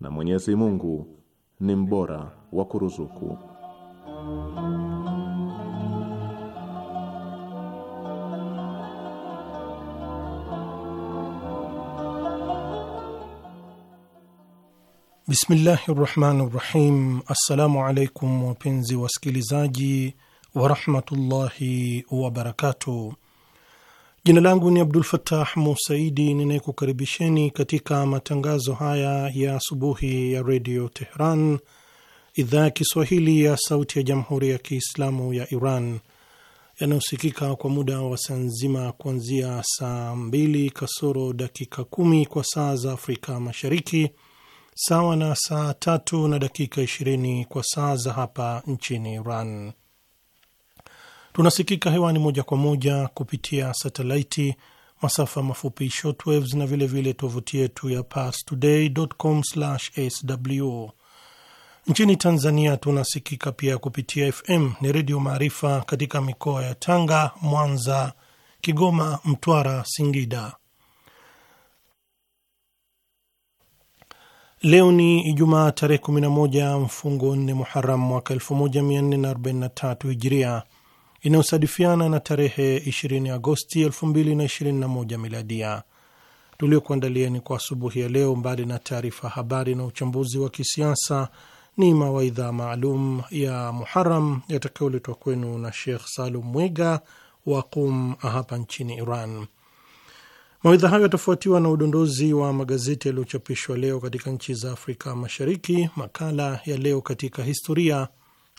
na Mwenyezi Mungu ni mbora wa kuruzuku. Bismillahi rahmani rahim. Assalamu alaikum wapenzi wasikilizaji warahmatullahi wabarakatuh. Jina langu ni Abdul Fatah Musaidi ninayekukaribisheni katika matangazo haya ya asubuhi ya redio Tehran, idhaa ya Kiswahili ya sauti ya jamhuri ya Kiislamu ya Iran, yanayosikika kwa muda wa saa nzima kuanzia saa mbili kasoro dakika kumi kwa saa za Afrika Mashariki, sawa na saa tatu na dakika ishirini kwa saa za hapa nchini Iran. Tunasikika hewani moja kwa moja kupitia satelaiti, masafa mafupi shortwaves na vilevile tovuti yetu ya parstoday.com/sw. Nchini Tanzania tunasikika pia kupitia FM ni Redio Maarifa katika mikoa ya Tanga, Mwanza, Kigoma, Mtwara, Singida. Leo ni Ijumaa tarehe 11 mfungo 4 Muharam mwaka 1443 Hijiria, inayosadifiana na tarehe 20 Agosti 2021 miladia. Tuliokuandalieni kwa asubuhi ya leo, mbali na taarifa habari na uchambuzi wa kisiasa, ni mawaidha maalum ya Muharam yatakayoletwa kwenu na Shekh Salum Mwiga wa Qum hapa nchini Iran. Mawaidha hayo yatafuatiwa na udondozi wa magazeti yaliyochapishwa leo katika nchi za Afrika Mashariki, makala ya leo katika historia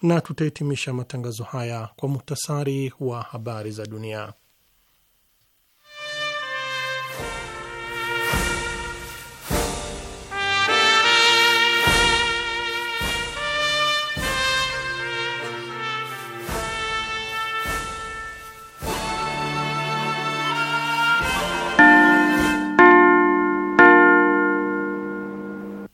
na tutahitimisha matangazo haya kwa muhtasari wa habari za dunia.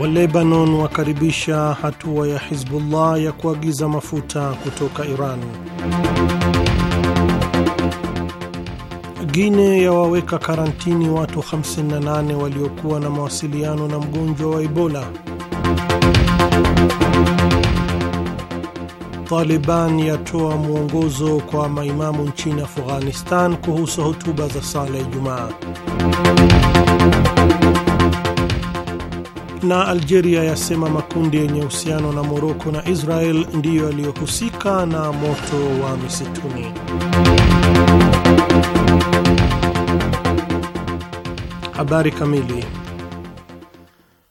wa Lebanon wakaribisha hatua ya Hizbullah ya kuagiza mafuta kutoka Iran. Gine yawaweka karantini watu 58 waliokuwa na mawasiliano na mgonjwa wa Ebola. Taliban yatoa mwongozo kwa maimamu nchini Afghanistan kuhusu hotuba za sala ya Ijumaa na Algeria yasema makundi yenye uhusiano na Moroko na Israel ndiyo yaliyohusika na moto wa misituni. Habari kamili.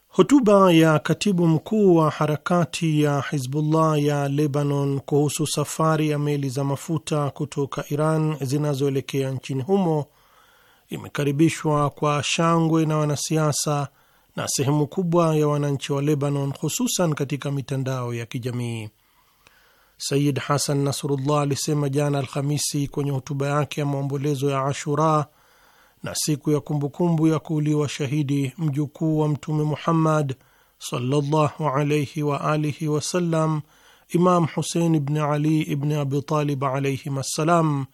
Hotuba ya katibu mkuu wa harakati ya Hizbullah ya Lebanon kuhusu safari ya meli za mafuta kutoka Iran zinazoelekea nchini humo imekaribishwa kwa shangwe na wanasiasa na sehemu kubwa ya wananchi wa Lebanon, hususan katika mitandao ya kijamii. Sayid Hasan Nasrullah alisema jana Alhamisi kwenye hotuba yake ya maombolezo ya Ashura na siku ya kumbukumbu ya kuuliwa shahidi mjukuu wa Mtume Muhammad sallallahu wa alihi wasallam, Imam Husein ibni Ali ibni Abitalib alaihim assalam,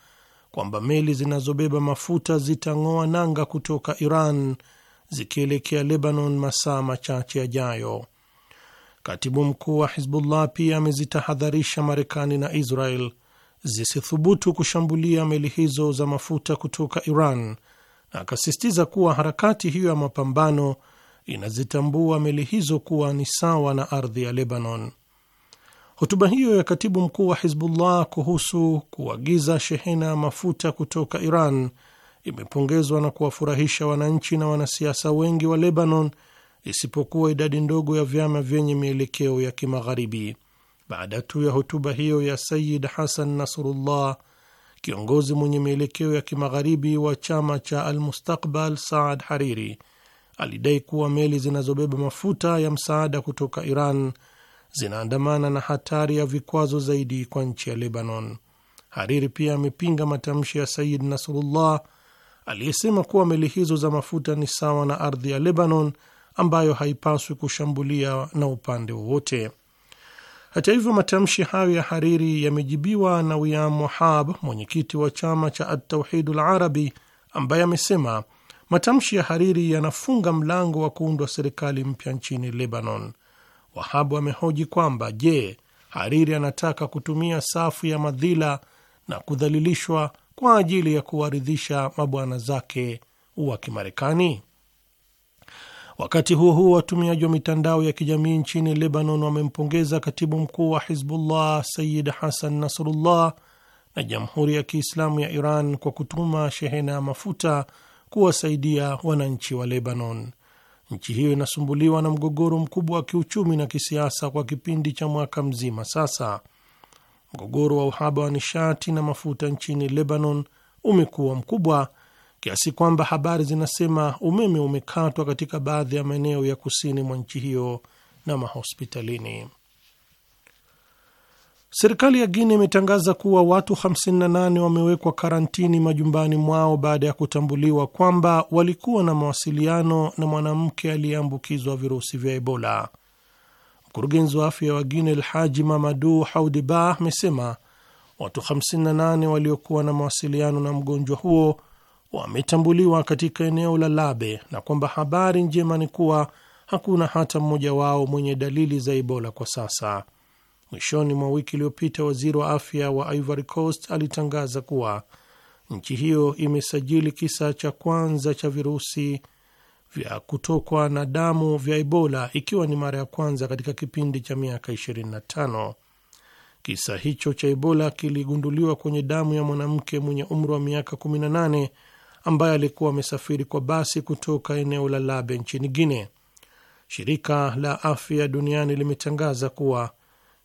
kwamba meli zinazobeba mafuta zitang'oa nanga kutoka Iran zikielekea Lebanon masaa machache yajayo. Katibu mkuu wa Hizbullah pia amezitahadharisha Marekani na Israel zisithubutu kushambulia meli hizo za mafuta kutoka Iran na akasisitiza kuwa harakati hiyo ya mapambano inazitambua meli hizo kuwa ni sawa na ardhi ya Lebanon. Hotuba hiyo ya katibu mkuu wa Hizbullah kuhusu kuagiza shehena ya mafuta kutoka Iran imepongezwa na kuwafurahisha wananchi na wanasiasa wengi wa Lebanon, isipokuwa idadi ndogo ya vyama vyenye mielekeo ya kimagharibi. Baada tu ya hotuba hiyo ya Sayid Hasan Nasrullah, kiongozi mwenye mielekeo ya kimagharibi wa chama cha Almustakbal, Saad Hariri alidai kuwa meli zinazobeba mafuta ya msaada kutoka Iran zinaandamana na hatari ya vikwazo zaidi kwa nchi ya Lebanon. Hariri pia amepinga matamshi ya Sayid Nasrullah aliyesema kuwa meli hizo za mafuta ni sawa na ardhi ya Lebanon ambayo haipaswi kushambulia na upande wowote. Hata hivyo, matamshi hayo ya Hariri yamejibiwa na Wiam Wahab, mwenyekiti wa chama cha Atauhidul Arabi, ambaye amesema matamshi ya Hariri yanafunga mlango wa kuundwa serikali mpya nchini Lebanon. Wahabu amehoji kwamba je, Hariri anataka kutumia safu ya madhila na kudhalilishwa kwa ajili ya kuwaridhisha mabwana zake wa Kimarekani. Wakati huo huo, watumiaji wa mitandao ya kijamii nchini Lebanon wamempongeza katibu mkuu wa Hizbullah Sayid Hasan Nasrullah na Jamhuri ya Kiislamu ya Iran kwa kutuma shehena ya mafuta kuwasaidia wananchi wa Lebanon. Nchi hiyo inasumbuliwa na mgogoro mkubwa wa kiuchumi na kisiasa kwa kipindi cha mwaka mzima sasa mgogoro wa uhaba wa nishati na mafuta nchini Lebanon umekuwa mkubwa kiasi kwamba habari zinasema umeme umekatwa katika baadhi ya maeneo ya kusini mwa nchi hiyo na mahospitalini. Serikali ya Guinea imetangaza kuwa watu 58 wamewekwa karantini majumbani mwao baada ya kutambuliwa kwamba walikuwa na mawasiliano na mwanamke aliyeambukizwa virusi vya Ebola. Mkurugenzi wa afya wa Guinea Alhaji Mamadu Haudiba amesema watu 58 waliokuwa na mawasiliano na mgonjwa huo wametambuliwa katika eneo la Labe na kwamba habari njema ni kuwa hakuna hata mmoja wao mwenye dalili za Ebola kwa sasa. Mwishoni mwa wiki iliyopita, waziri wa afya wa Ivory Coast alitangaza kuwa nchi hiyo imesajili kisa cha kwanza cha virusi vya kutokwa na damu vya Ebola, ikiwa ni mara ya kwanza katika kipindi cha miaka 25. Kisa hicho cha Ebola kiligunduliwa kwenye damu ya mwanamke mwenye umri wa miaka 18 ambaye alikuwa amesafiri kwa basi kutoka eneo la Labe nchini Guinea. Shirika la Afya Duniani limetangaza kuwa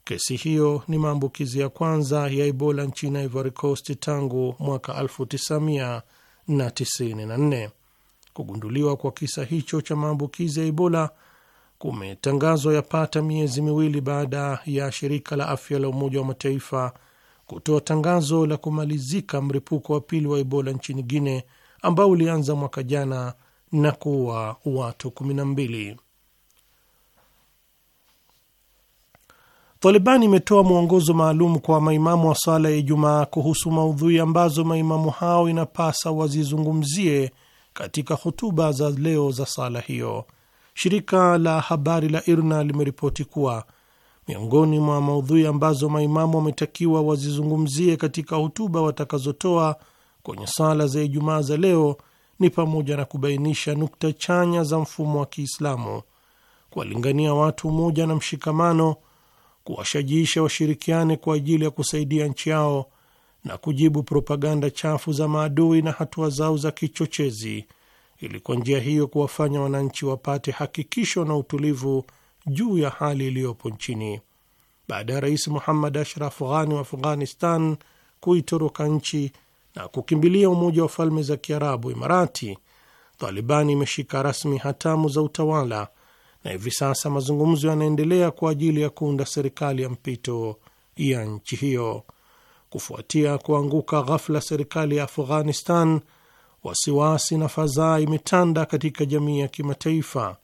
kesi hiyo ni maambukizi ya kwanza ya Ebola nchini Ivory Coast tangu mwaka 1994. Kugunduliwa kwa kisa hicho cha maambukizi ya Ebola kumetangazwa yapata miezi miwili baada ya shirika la afya la Umoja wa Mataifa kutoa tangazo la kumalizika mrepuko wa pili wa Ebola nchini Guine ambao ulianza mwaka jana na kuua watu mbili. Taliban imetoa mwongozo maalum kwa maimamu wa swala ya Ijumaa kuhusu maudhui ambazo maimamu hao inapasa wazizungumzie katika hutuba za leo za sala hiyo, shirika la habari la IRNA limeripoti kuwa miongoni mwa maudhui ambazo maimamu wametakiwa wazizungumzie katika hutuba watakazotoa kwenye sala za Ijumaa za leo ni pamoja na kubainisha nukta chanya za mfumo wa Kiislamu, kuwalingania watu umoja na mshikamano, kuwashajiisha washirikiane kwa ajili ya kusaidia nchi yao na kujibu propaganda chafu za maadui na hatua zao za kichochezi, ili kwa njia hiyo kuwafanya wananchi wapate hakikisho na utulivu juu ya hali iliyopo nchini. Baada ya Rais Muhammad Ashraf Ghani wa Afghanistan kuitoroka nchi na kukimbilia Umoja wa Falme za Kiarabu, Imarati, Taliban imeshika rasmi hatamu za utawala na hivi sasa mazungumzo yanaendelea kwa ajili ya kuunda serikali ya mpito ya nchi hiyo kufuatia kuanguka ghafla serikali ya Afghanistan, wasiwasi na fadhaa imetanda katika jamii ya kimataifa,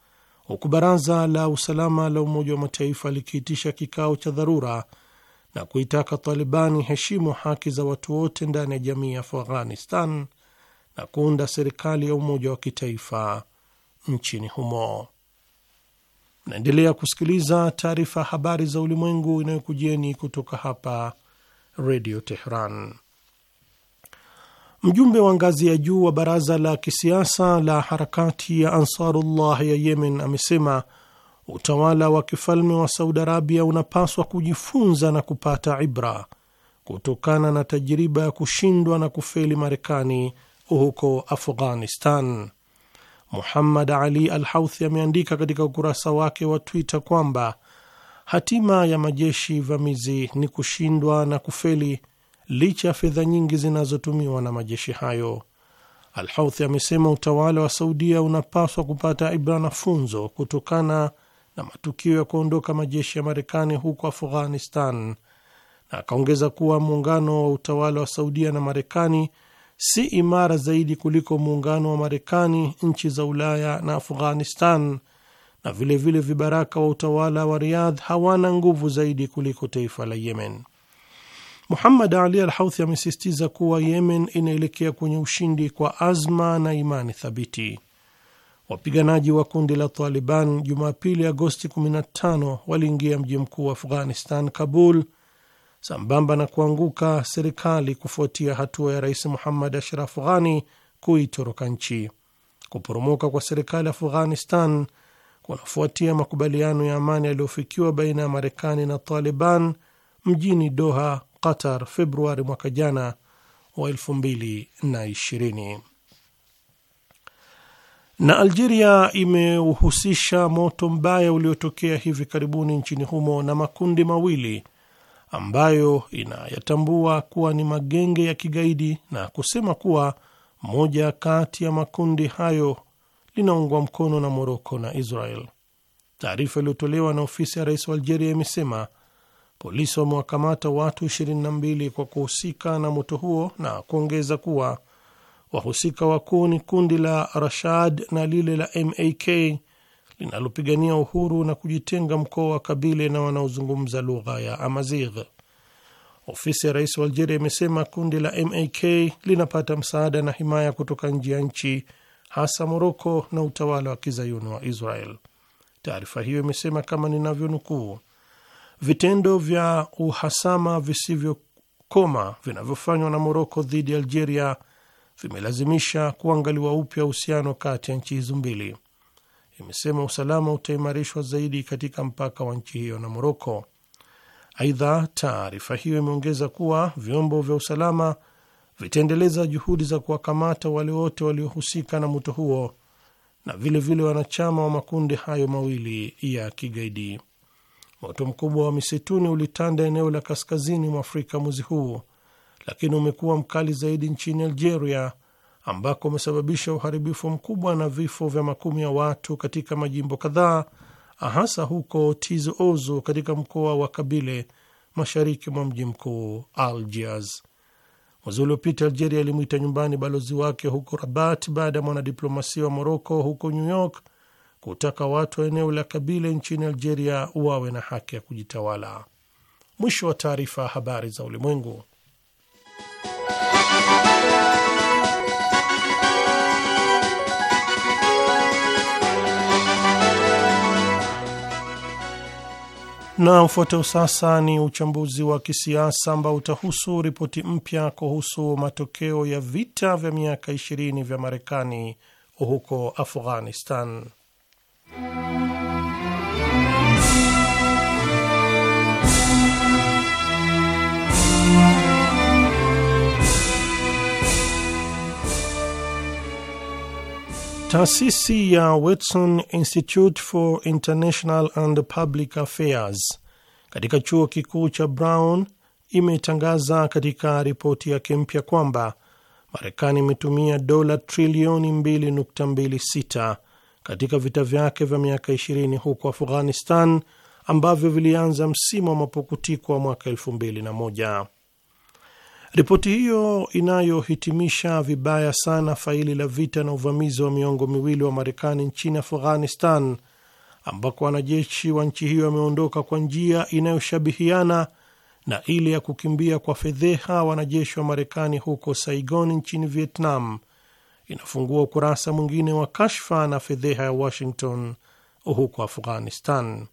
huku Baraza la Usalama la Umoja wa Mataifa likiitisha kikao cha dharura na kuitaka talibani heshimu haki za watu wote ndani ya jamii ya Afghanistan na kuunda serikali ya umoja wa kitaifa nchini humo. Naendelea kusikiliza taarifa habari za ulimwengu inayokujieni kutoka hapa Redio Tehran. Mjumbe wa ngazi ya juu wa baraza la kisiasa la harakati ya Ansarullah ya Yemen amesema utawala wa kifalme wa Saudi Arabia unapaswa kujifunza na kupata ibra kutokana na tajiriba ya kushindwa na kufeli Marekani huko Afghanistan. Muhammad Ali Al Houthi ameandika katika ukurasa wake wa Twitter kwamba Hatima ya majeshi vamizi ni kushindwa na kufeli licha ya fedha nyingi zinazotumiwa na majeshi hayo. Alhouthi amesema utawala wa Saudia unapaswa kupata ibra na funzo kutokana na matukio ya kuondoka majeshi ya Marekani huko Afghanistan, na akaongeza kuwa muungano wa utawala wa Saudia na Marekani si imara zaidi kuliko muungano wa Marekani, nchi za Ulaya na Afghanistan na vile vile vibaraka wa utawala wa Riyadh hawana nguvu zaidi kuliko taifa la Yemen. Muhammad Ali Al-Houthi amesisitiza kuwa Yemen inaelekea kwenye ushindi kwa azma na imani thabiti. Wapiganaji wa kundi la Taliban Jumapili, Agosti 15 waliingia mji mkuu wa Afghanistan, Kabul, sambamba na kuanguka serikali kufuatia hatua ya Rais Muhammad Ashraf Ghani kuitoroka nchi. Kuporomoka kwa serikali Afghanistan kunafuatia makubaliano ya amani yaliyofikiwa baina ya Marekani na Taliban mjini Doha, Qatar, Februari mwaka jana wa 2020. Na Algeria imeuhusisha moto mbaya uliotokea hivi karibuni nchini humo na makundi mawili ambayo inayatambua kuwa ni magenge ya kigaidi na kusema kuwa moja kati ya makundi hayo linaungwa mkono na Moroko na Israel. Taarifa iliyotolewa na ofisi ya rais wa Algeria imesema polisi wamewakamata watu 22 kwa kuhusika na moto huo na kuongeza kuwa wahusika wakuu ni kundi la Rashad na lile la MAK linalopigania uhuru na kujitenga mkoa wa Kabile na wanaozungumza lugha ya Amazigh. Ofisi ya rais wa Algeria imesema kundi la MAK linapata msaada na himaya kutoka nje ya nchi hasa Moroko na utawala wa kizayuni wa Israel. Taarifa hiyo imesema kama ninavyonukuu, vitendo vya uhasama visivyokoma vinavyofanywa na Moroko dhidi ya Algeria vimelazimisha kuangaliwa upya uhusiano kati ya nchi hizo mbili. Imesema usalama utaimarishwa zaidi katika mpaka wa nchi hiyo na Moroko. Aidha, taarifa hiyo imeongeza kuwa vyombo vya usalama vitaendeleza juhudi za kuwakamata wale wote waliohusika na moto huo na vilevile vile wanachama wa makundi hayo mawili ya kigaidi. Moto mkubwa wa misituni ulitanda eneo la kaskazini mwa Afrika mwezi huu, lakini umekuwa mkali zaidi nchini Algeria ambako umesababisha uharibifu mkubwa na vifo vya makumi ya watu katika majimbo kadhaa, hasa huko Tizi Ouzou katika mkoa wa Kabile mashariki mwa mji mkuu Algiers. Mwezi uliopita Algeria ilimwita nyumbani balozi wake huko Rabat baada ya mwanadiplomasia wa Moroko huko New York kutaka watu wa eneo la Kabile nchini Algeria wawe na haki ya kujitawala. Mwisho wa taarifa. Habari za Ulimwengu. Na mfuatao sasa ni uchambuzi wa kisiasa ambao utahusu ripoti mpya kuhusu matokeo ya vita vya miaka 20 vya Marekani huko Afghanistan. Taasisi ya Watson Institute for International and Public Affairs katika chuo kikuu cha Brown imetangaza katika ripoti yake mpya kwamba Marekani imetumia dola trilioni 2.26 katika vita vyake vya miaka 20 huko Afghanistan ambavyo vilianza msimu wa mapukutiko wa mwaka 2001. Ripoti hiyo inayohitimisha vibaya sana faili la vita na uvamizi wa miongo miwili wa Marekani nchini Afghanistan, ambako wanajeshi wa nchi hiyo wameondoka kwa njia inayoshabihiana na ile ya kukimbia kwa fedheha wanajeshi wa Marekani huko Saigon nchini Vietnam, inafungua ukurasa mwingine wa kashfa na fedheha ya Washington huko Afghanistan.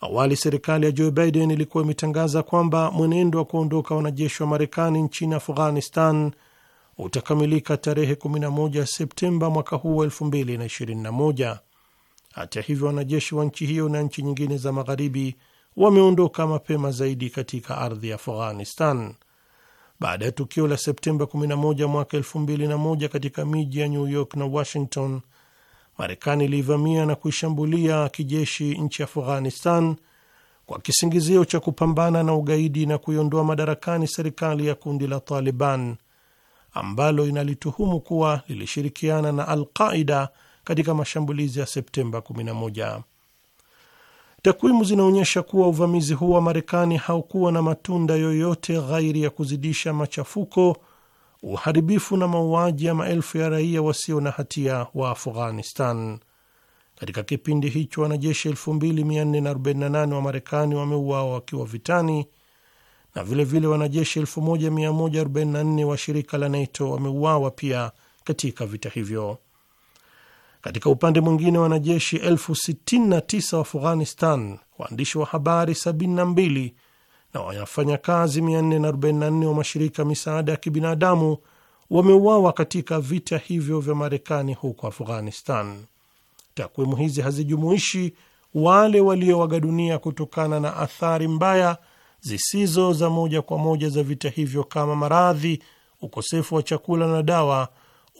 Awali serikali ya Joe Biden ilikuwa imetangaza kwamba mwenendo wa kuondoka wanajeshi wa Marekani nchini Afghanistan utakamilika tarehe 11 Septemba mwaka huu wa 2021. Hata hivyo, wanajeshi wa nchi hiyo na nchi nyingine za magharibi wameondoka mapema zaidi katika ardhi ya Afghanistan. Baada ya tukio la Septemba 11 mwaka 2001 katika miji ya New York na Washington, Marekani ilivamia na kuishambulia kijeshi nchi ya Afghanistan kwa kisingizio cha kupambana na ugaidi na kuiondoa madarakani serikali ya kundi la Taliban ambalo inalituhumu kuwa lilishirikiana na Al-Qaida katika mashambulizi ya Septemba 11. Takwimu zinaonyesha kuwa uvamizi huu wa Marekani haukuwa na matunda yoyote ghairi ya kuzidisha machafuko uharibifu na mauaji ya maelfu ya raia wasio na hatia wa Afghanistan. Katika kipindi hicho wanajeshi 2448 wa Marekani wameuawa wakiwa vitani na vilevile vile wanajeshi 1144 wa shirika la NATO wameuawa pia katika vita hivyo. Katika upande mwingine, wanajeshi 69 wa Afghanistan, waandishi wa habari 72 na wafanyakazi 444 wa mashirika misaada ya kibinadamu wameuawa katika vita hivyo vya Marekani huko Afghanistan. Takwimu hizi hazijumuishi wale waliowaga dunia kutokana na athari mbaya zisizo za moja kwa moja za vita hivyo kama maradhi, ukosefu wa chakula na dawa,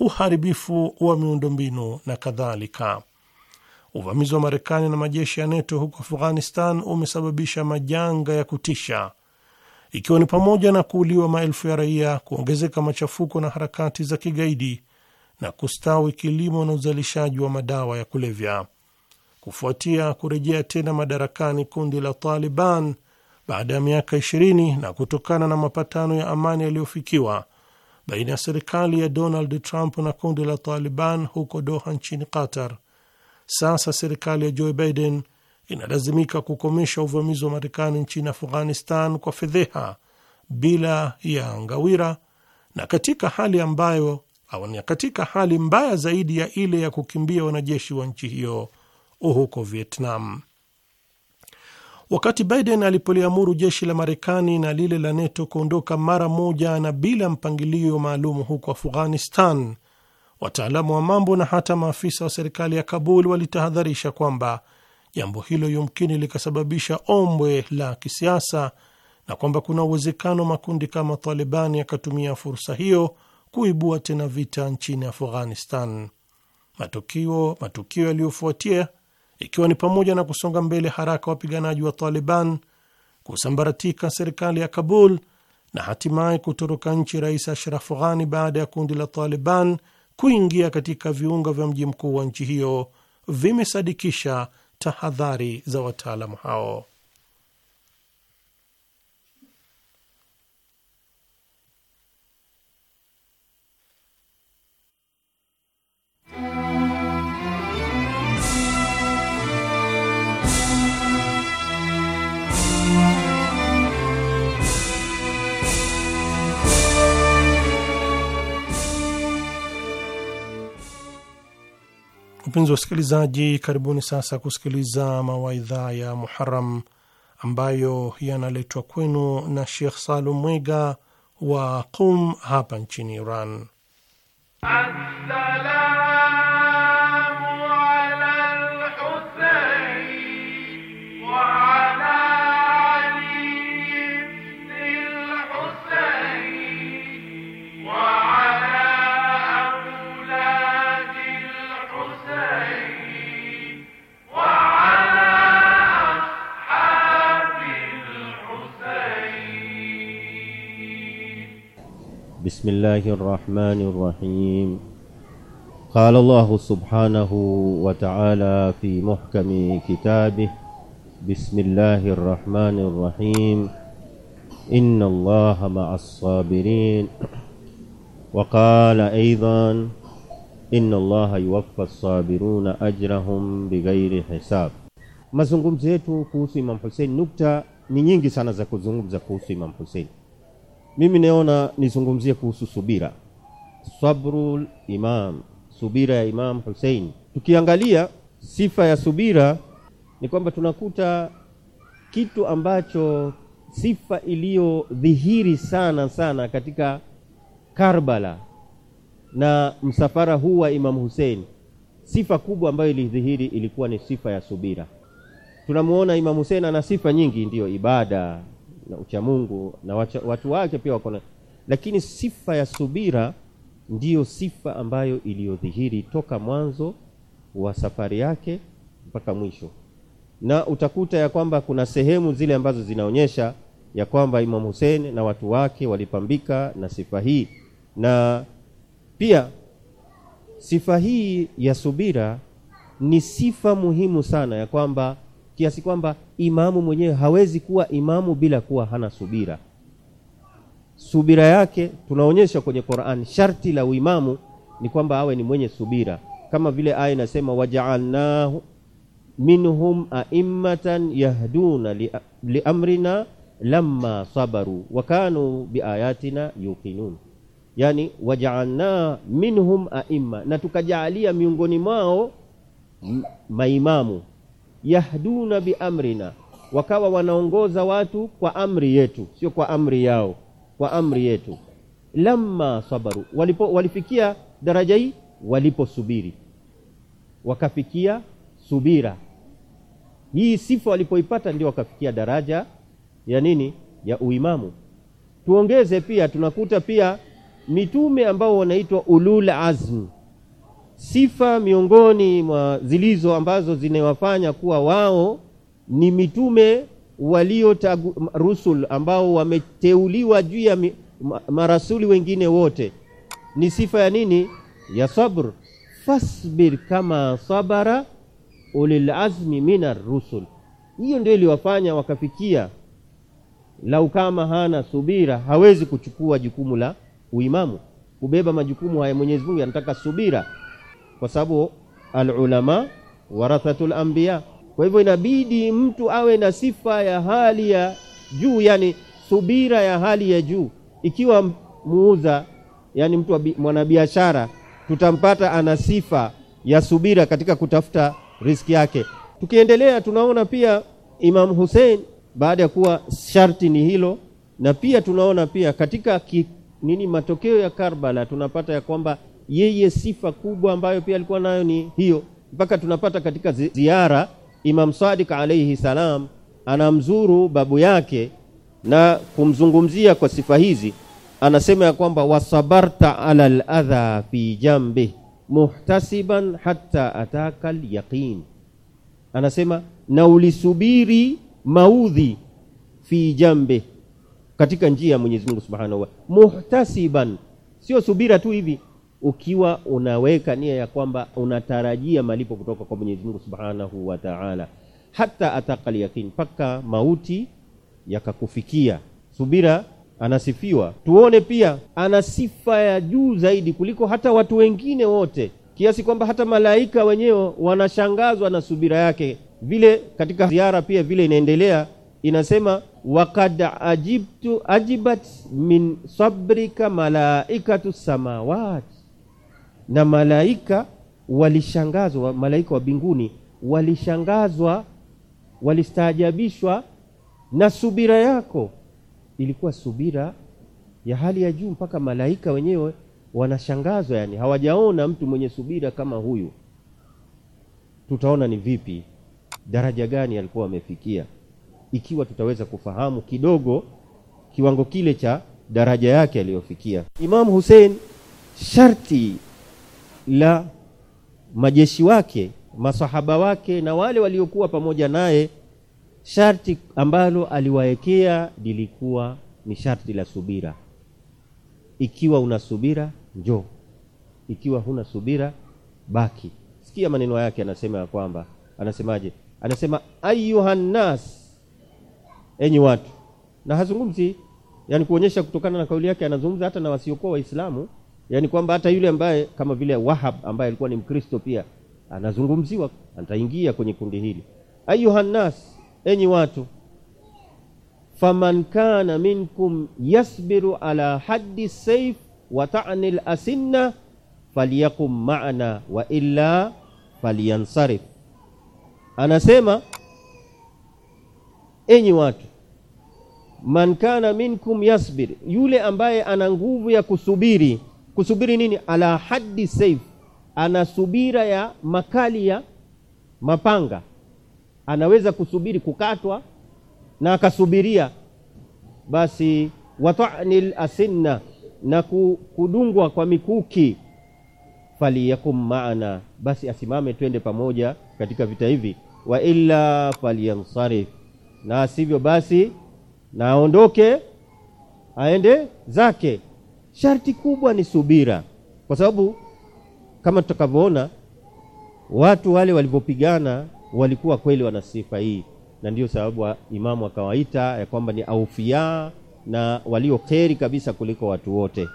uharibifu wa miundombinu na kadhalika. Uvamizi wa Marekani na majeshi ya NATO huko Afghanistan umesababisha majanga ya kutisha, ikiwa ni pamoja na kuuliwa maelfu ya raia, kuongezeka machafuko na harakati za kigaidi, na kustawi kilimo na uzalishaji wa madawa ya kulevya. Kufuatia kurejea tena madarakani kundi la Taliban baada ya miaka 20 na kutokana na mapatano ya amani yaliyofikiwa baina ya serikali ya Donald Trump na kundi la Taliban huko Doha nchini Qatar, sasa serikali ya Joe Biden inalazimika kukomesha uvamizi wa Marekani nchini Afghanistan kwa fedheha, bila ya ngawira, na katika hali ambayo au katika hali mbaya zaidi ya ile ya kukimbia wanajeshi wa nchi hiyo huko Vietnam. Wakati Biden alipoliamuru jeshi la Marekani na lile la NATO kuondoka mara moja na bila mpangilio maalum huko Afghanistan, Wataalamu wa mambo na hata maafisa wa serikali ya Kabul walitahadharisha kwamba jambo hilo yumkini likasababisha ombwe la kisiasa na kwamba kuna uwezekano makundi kama Taliban yakatumia fursa hiyo kuibua tena vita nchini Afghanistan. Matukio matukio yaliyofuatia ikiwa ni pamoja na kusonga mbele haraka wapiganaji wa Taliban, kusambaratika serikali ya Kabul na hatimaye kutoroka nchi Rais Ashraf Ghani baada ya kundi la Taliban kuingia katika viunga vya mji mkuu wa nchi hiyo vimesadikisha tahadhari za wataalamu hao. Wapenzi wa wasikilizaji, karibuni sasa kusikiliza mawaidha ya Muharam ambayo yanaletwa kwenu na Shekh Salum Mwega wa Qum hapa nchini Iran. Assalam. بسم الله الرحمن الرحيم قال الله سبحانه وتعالى في محكم كتابه بسم الله الرحمن الرحيم ان الله مع الصابرين وقال ايضا ان الله يوفى الصابرون اجرهم بغير حساب Mazungumzo yetu kuhusu Imam Hussein, nukta ni nyingi sana za kuzungumza kuhusu Imam Hussein mimi naona nizungumzie kuhusu subira, sabrul imam, subira ya Imam Hussein. Tukiangalia sifa ya subira ni kwamba tunakuta kitu ambacho sifa iliyodhihiri sana sana katika Karbala na msafara huu wa Imam Hussein, sifa kubwa ambayo ilidhihiri ilikuwa ni sifa ya subira. Tunamuona Imam Hussein ana sifa nyingi, ndiyo ibada na mungu na wacha, watu wake pia wako lakini sifa ya subira ndiyo sifa ambayo iliyodhihiri toka mwanzo wa safari yake mpaka mwisho, na utakuta ya kwamba kuna sehemu zile ambazo zinaonyesha ya kwamba Imam Hussein na watu wake walipambika na sifa hii, na pia sifa hii ya subira ni sifa muhimu sana ya kwamba kiasi kwamba imamu mwenyewe hawezi kuwa imamu bila kuwa hana subira. Subira yake tunaonyesha kwenye Qur'an. Sharti la uimamu ni kwamba awe ni mwenye subira, kama vile aya inasema waja'alnahu minhum a'immatan yahduna li, liamrina lamma sabaru wa kanu biayatina yuqinun, yani waja'alna minhum a'imma, na tukajaalia miongoni mwao maimamu yahduna biamrina, wakawa wanaongoza watu kwa amri yetu, sio kwa amri yao, kwa amri yetu. Lamma sabaru, walipo walifikia daraja hii waliposubiri, wakafikia subira hii sifa walipoipata ndio wakafikia daraja ya nini? Ya uimamu. Tuongeze pia, tunakuta pia mitume ambao wanaitwa ulul azm, sifa miongoni mwa zilizo ambazo zinawafanya kuwa wao ni mitume walio tagu, rusul ambao wameteuliwa juu ya marasuli wengine wote ni sifa ya nini? Ya sabr. Fasbir kama sabara ulil azmi mina rusul, hiyo ndio iliwafanya wakafikia. Lau kama hana subira, hawezi kuchukua jukumu la uimamu, kubeba majukumu haya. Mwenyezi Mungu anataka subira kwa sababu alulama warathatul anbiya. Kwa hivyo inabidi mtu awe na sifa ya hali ya juu, yani subira ya hali ya juu. Ikiwa muuza, yani mtu mwanabiashara, tutampata ana sifa ya subira katika kutafuta riski yake. Tukiendelea tunaona pia Imam Hussein baada ya kuwa sharti ni hilo, na pia tunaona pia katika ki, nini matokeo ya Karbala tunapata ya kwamba yeye sifa kubwa ambayo pia alikuwa nayo ni hiyo, mpaka tunapata katika ziara Imam Sadiq alayhi salam anamzuru babu yake na kumzungumzia kwa sifa hizi, anasema ya kwamba wasabarta ala ladha fi jambi muhtasiban hatta ataka alyaqin, anasema na ulisubiri maudhi fi jambe katika njia ya Mwenyezi Mungu Subhanahu wa muhtasiban, sio subira tu hivi ukiwa unaweka nia ya kwamba unatarajia malipo kutoka kwa Mwenyezi Mungu Subhanahu wa Ta'ala, hata atakali yakin, mpaka mauti yakakufikia. Subira anasifiwa, tuone pia ana sifa ya juu zaidi kuliko hata watu wengine wote, kiasi kwamba hata malaika wenyewe wanashangazwa na subira yake. Vile katika ziara pia vile inaendelea inasema wakad ajibtu ajibat min sabrika malaikatu samawati na malaika walishangazwa, malaika wa binguni walishangazwa, walistaajabishwa na subira yako. Ilikuwa subira ya hali ya juu mpaka malaika wenyewe wanashangazwa, yani hawajaona mtu mwenye subira kama huyu. Tutaona ni vipi, daraja gani alikuwa amefikia, ikiwa tutaweza kufahamu kidogo kiwango kile cha daraja yake aliyofikia Imam Hussein sharti la majeshi wake, masahaba wake na wale waliokuwa pamoja naye, sharti ambalo aliwaekea lilikuwa ni sharti la subira. Ikiwa una subira njoo, ikiwa huna subira baki. Sikia maneno yake, anasema ya kwamba, anasemaje? Anasema ayuhannas, enyi watu, na hazungumzi yani kuonyesha kutokana na kauli yake, anazungumza hata na wasiokuwa Waislamu yaani kwamba hata yule ambaye kama vile Wahab ambaye alikuwa ni Mkristo pia anazungumziwa, ataingia kwenye kundi hili. Ayuhannas, enyi watu, faman kana minkum yasbiru ala haddi saif wa ta'ni al-asinna falyakum ma'ana wa illa falyansarif. Anasema, enyi watu man kana minkum yasbir, yule ambaye ana nguvu ya kusubiri kusubiri nini? Ala haddi saif, ana subira ya makali ya mapanga. Anaweza kusubiri kukatwa na akasubiria, basi watanil asinna, na kudungwa kwa mikuki. Faliyakum maana, basi asimame twende pamoja katika vita hivi. Wa illa falyansarif, na sivyo basi naondoke aende zake. Sharti kubwa ni subira, kwa sababu kama tutakavyoona watu wale walivyopigana walikuwa kweli wana sifa hii, na ndiyo sababu Imamu akawaita ya kwamba ni aufia na walio kheri kabisa kuliko watu wote.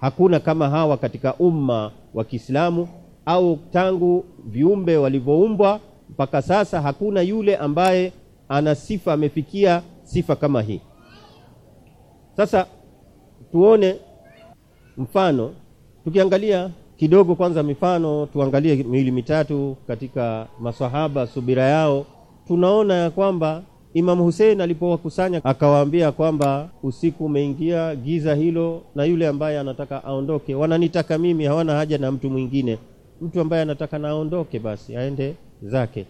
Hakuna kama hawa katika umma wa Kiislamu au tangu viumbe walivyoumbwa mpaka sasa, hakuna yule ambaye ana sifa amefikia sifa kama hii. Sasa tuone Mfano tukiangalia kidogo kwanza, mifano tuangalie miwili mitatu katika maswahaba, subira yao, tunaona ya kwamba Imamu Hussein alipowakusanya akawaambia kwamba usiku umeingia giza hilo, na yule ambaye anataka aondoke, wananitaka mimi, hawana haja na mtu mwingine. Mtu ambaye anataka na aondoke, basi aende zake.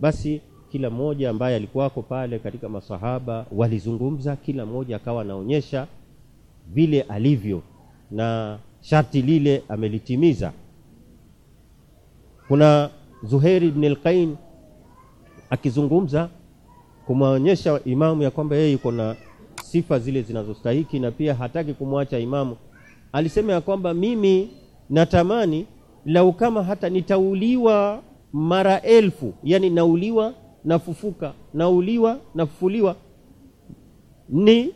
Basi kila mmoja ambaye alikuwako pale katika maswahaba walizungumza, kila mmoja akawa anaonyesha vile alivyo na sharti lile amelitimiza. Kuna Zuhair ibn al akizungumza kumwonyesha imamu ya kwamba yeye yuko na sifa zile zinazostahiki na pia hataki kumwacha imamu. Alisema ya kwamba mimi natamani lau kama hata nitauliwa mara elfu, yani nauliwa nafufuka, nauliwa nafufuliwa, ni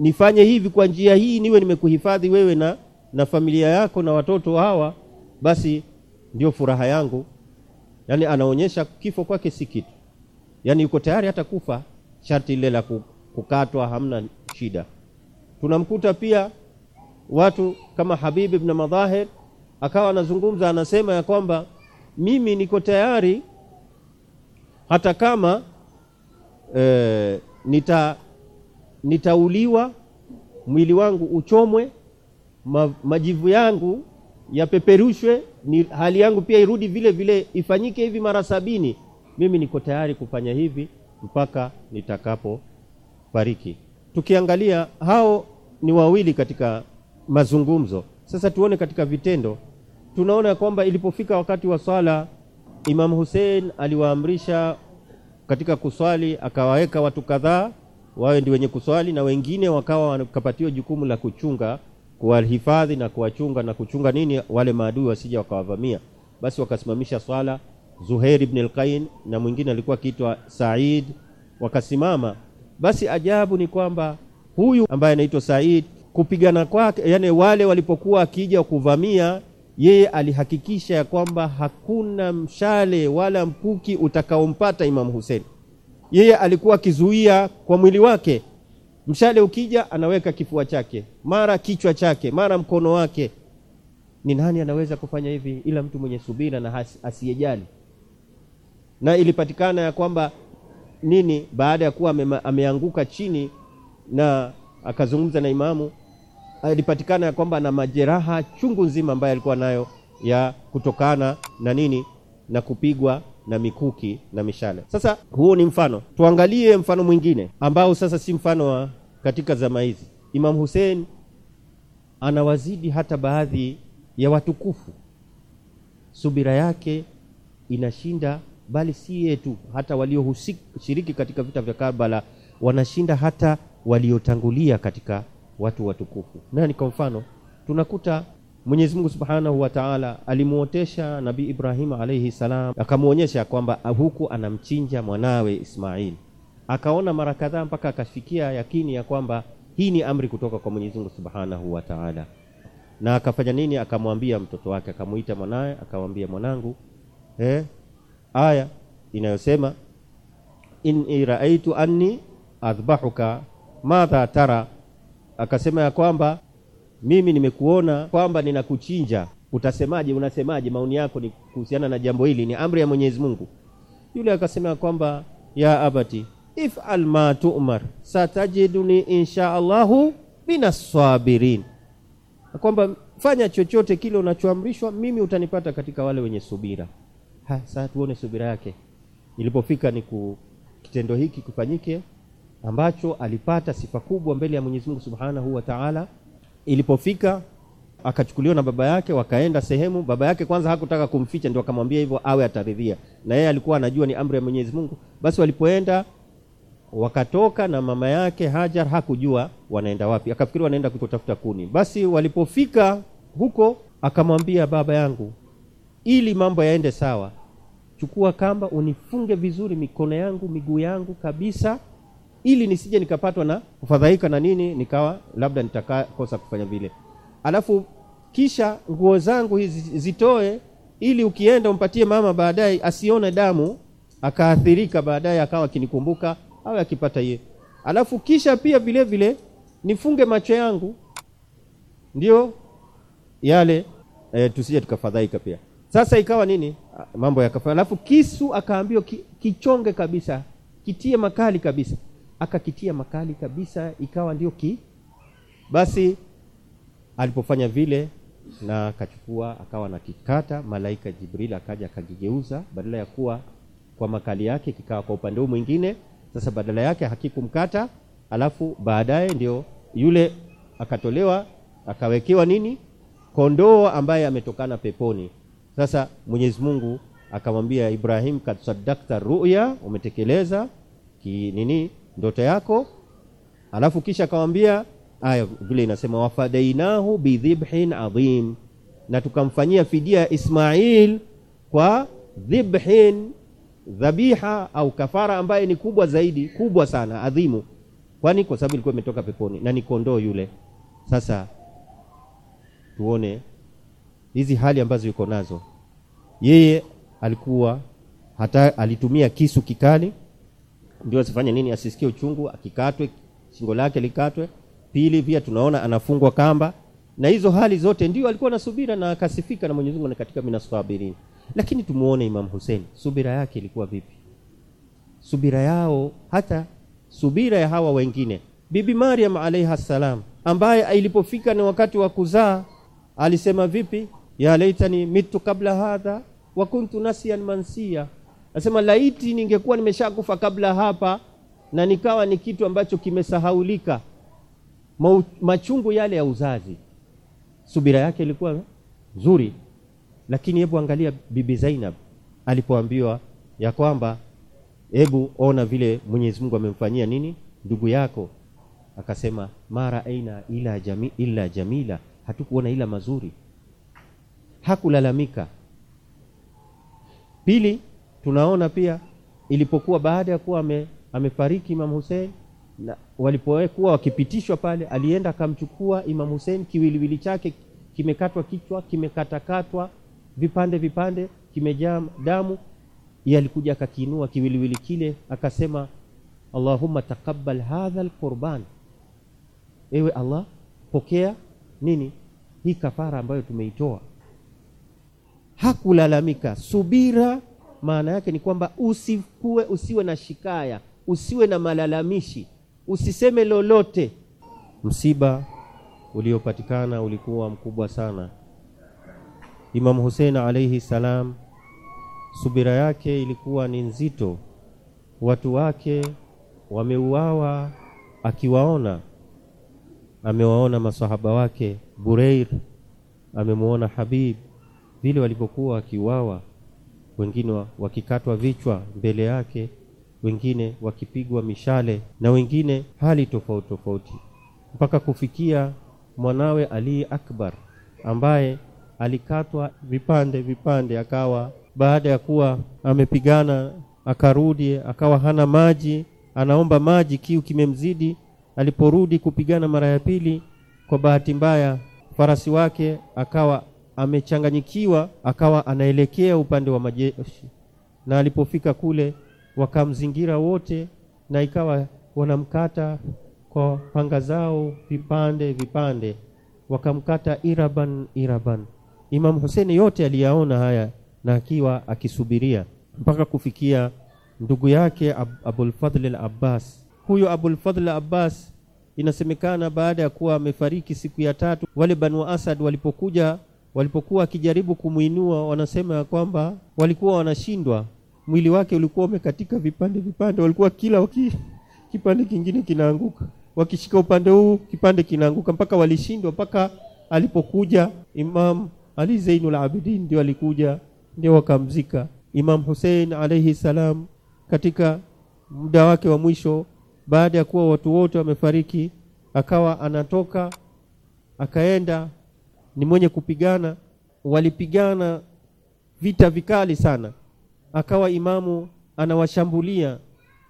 nifanye hivi kwa njia hii, niwe nimekuhifadhi wewe na, na familia yako na watoto hawa, basi ndio furaha yangu. Yani anaonyesha kifo kwake si kitu, yani yuko tayari hata kufa, sharti ile la kukatwa hamna shida. Tunamkuta pia watu kama Habibi ibn Madahir akawa anazungumza, anasema ya kwamba mimi niko tayari hata kama e, nita nitauliwa, mwili wangu uchomwe, ma, majivu yangu yapeperushwe, ni hali yangu pia irudi vile vile, ifanyike hivi mara sabini. Mimi niko tayari kufanya hivi mpaka nitakapo fariki. Tukiangalia hao ni wawili katika mazungumzo. Sasa tuone katika vitendo, tunaona kwamba ilipofika wakati wa swala, Imam Hussein aliwaamrisha katika kuswali, akawaweka watu kadhaa wawe ndi wenye kuswali na wengine wakawa wakapatiwa jukumu la kuchunga, kuwahifadhi na kuwachunga na kuchunga nini, wale maadui wasija wakawavamia. Basi wakasimamisha swala, zuheir ibn al na mwingine alikuwa akiitwa Said wakasimama. Basi ajabu ni kwamba huyu ambaye anaitwa Said kupigana kwake, yani wale walipokuwa akija kuvamia yeye alihakikisha ya kwamba hakuna mshale wala mkuki utakaompata Imam Hussein yeye alikuwa akizuia kwa mwili wake. Mshale ukija anaweka kifua chake, mara kichwa chake, mara mkono wake. Ni nani anaweza kufanya hivi ila mtu mwenye subira na asiyejali? Na ilipatikana ya kwamba nini, baada ya kuwa ameanguka chini na akazungumza na imamu, ilipatikana ya kwamba ana majeraha chungu nzima ambayo alikuwa nayo ya kutokana na nini, na kupigwa na mikuki na mishale. Sasa huo ni mfano, tuangalie mfano mwingine ambao sasa si mfano wa katika zama hizi. Imam Hussein anawazidi hata baadhi ya watukufu, subira yake inashinda, bali si yetu, hata walioshiriki katika vita vya Karbala wanashinda hata waliotangulia katika watu watukufu. Nani kwa mfano tunakuta Mwenyezi Mungu Subhanahu wa Ta'ala alimuotesha Nabii Ibrahim alayhi salam, akamuonyesha kwamba huku anamchinja mwanawe Ismail. Akaona mara kadhaa mpaka akafikia yakini ya kwamba hii ni amri kutoka kwa Mwenyezi Mungu Subhanahu wa Ta'ala. Na akafanya nini? Akamwambia mtoto wake, akamuita mwanawe akamwambia mwanangu, eh, aya inayosema in raaitu anni adhbahuka madha tara, akasema ya kwamba mimi nimekuona kwamba ninakuchinja, utasemaje? Unasemaje? maoni yako ni kuhusiana na jambo hili, ni amri ya Mwenyezi Mungu. Yule akasema kwamba ya abati if'al ma tu'mar satajiduni insha Allahu minaswabirin, kwamba fanya chochote kile unachoamrishwa, mimi utanipata katika wale wenye subira. Ha, sasa tuone subira yake ilipofika ni ku kitendo hiki kufanyike ambacho alipata sifa kubwa mbele ya Mwenyezi Mungu Subhanahu wa Ta'ala. Ilipofika akachukuliwa na baba yake, wakaenda sehemu. Baba yake kwanza hakutaka kumficha, ndio akamwambia hivyo awe ataridhia, na yeye alikuwa anajua ni amri ya Mwenyezi Mungu. Basi walipoenda wakatoka, na mama yake Hajar hakujua wanaenda wapi, akafikiri wanaenda kutafuta kuni. Basi walipofika huko, akamwambia baba yangu, ili mambo yaende sawa, chukua kamba unifunge vizuri mikono yangu miguu yangu kabisa ili nisije nikapatwa na kufadhaika na nini, nikawa labda nitakakosa kufanya vile. Alafu kisha nguo zangu hizi zitoe, ili ukienda umpatie mama, baadaye asione damu akaathirika, baadaye akawa akinikumbuka au akipata yeye. Alafu kisha pia vile vile nifunge macho yangu, ndio yale e, tusije tukafadhaika pia. Sasa ikawa nini, mambo yakafanya. Alafu kisu akaambiwa ki, kichonge kabisa, kitie makali kabisa akakitia makali kabisa, ikawa ndio ki basi. Alipofanya vile na akachukua akawa na kikata, malaika Jibril akaja akakigeuza, badala ya kuwa kwa makali yake kikawa kwa upande huu mwingine. Sasa badala yake hakikumkata, alafu baadaye ndio yule akatolewa akawekewa nini, kondoo ambaye ametokana peponi. Sasa Mwenyezi Mungu akamwambia Ibrahim, kad sadakta ruya, umetekeleza ki nini ndoto yako, alafu kisha akamwambia aya vile inasema, wafadainahu bidhibhin adhim, na tukamfanyia fidia Ismail kwa dhibhin, dhabiha au kafara ambaye ni kubwa zaidi, kubwa sana, adhimu. Kwani kwa sababu ilikuwa imetoka peponi na ni kondoo yule. Sasa tuone hizi hali ambazo yuko nazo yeye, alikuwa hata alitumia kisu kikali ndio asifanye nini, asisikie uchungu, akikatwe shingo lake likatwe. Pili, pia tunaona anafungwa kamba, na hizo hali zote ndio alikuwa na subira na akasifika na Mwenyezi Mungu na katika minasabirin. Lakini tumuone Imam Hussein, subira yake ilikuwa vipi? Subira yao hata subira ya hawa wengine, Bibi Maryam alayha salam, ambaye ilipofika ni wakati wa kuzaa alisema vipi? ya laitani mitu kabla hadha wa kuntu nasiyan mansia Anasema laiti ningekuwa nimeshakufa kabla hapa, na nikawa ni kitu ambacho kimesahaulika. Machungu yale ya uzazi, subira yake ilikuwa nzuri, lakini hebu angalia Bibi Zainab alipoambiwa ya kwamba hebu ona vile Mwenyezi Mungu amemfanyia nini ndugu yako, akasema mara aina ila jami, ila jamila, hatukuona ila mazuri. Hakulalamika. Pili, tunaona pia ilipokuwa baada ya kuwa ame, amefariki Imam Hussein na walipokuwa wakipitishwa pale, alienda akamchukua Imam Hussein, kiwiliwili chake kimekatwa kichwa, kimekatakatwa vipande vipande, kimejaa damu. Yeye alikuja akakiinua kiwiliwili kile akasema, Allahumma taqabbal hadha alqurban, ewe Allah pokea nini hii kafara ambayo tumeitoa. Hakulalamika, subira maana yake ni kwamba usikue usiwe na shikaya usiwe na malalamishi usiseme lolote msiba uliopatikana ulikuwa mkubwa sana Imam Hussein alaihi salam subira yake ilikuwa ni nzito watu wake wameuawa akiwaona amewaona masahaba wake Bureir amemuona Habib vile walipokuwa akiuawa wengine wakikatwa vichwa mbele yake, wengine wakipigwa mishale na wengine hali tofauti tofauti, mpaka kufikia mwanawe Ali Akbar ambaye alikatwa vipande vipande, akawa baada ya kuwa amepigana akarudi akawa hana maji, anaomba maji, kiu kimemzidi. Aliporudi kupigana mara ya pili, kwa bahati mbaya farasi wake akawa amechanganyikiwa, akawa anaelekea upande wa majeshi, na alipofika kule wakamzingira wote, na ikawa wanamkata kwa panga zao vipande vipande, wakamkata iraban iraban. Imamu Huseni yote aliyaona haya, na akiwa akisubiria mpaka kufikia ndugu yake Ab Abulfadli al Abbas. Huyo Abulfadli al Abbas inasemekana baada ya kuwa amefariki siku ya tatu, wale Banu Asad walipokuja walipokuwa wakijaribu kumuinua, wanasema ya kwamba walikuwa wanashindwa. Mwili wake ulikuwa umekatika vipande vipande, walikuwa kila waki, kipande kingine kinaanguka, wakishika upande huu kipande kinaanguka, mpaka walishindwa, mpaka alipokuja Imam Ali Zainul Abidin ndio alikuja, ndio wakamzika Imam Hussein alayhi salam katika muda wake wa mwisho, baada ya kuwa watu wote wamefariki, akawa anatoka akaenda ni mwenye kupigana walipigana vita vikali sana akawa imamu anawashambulia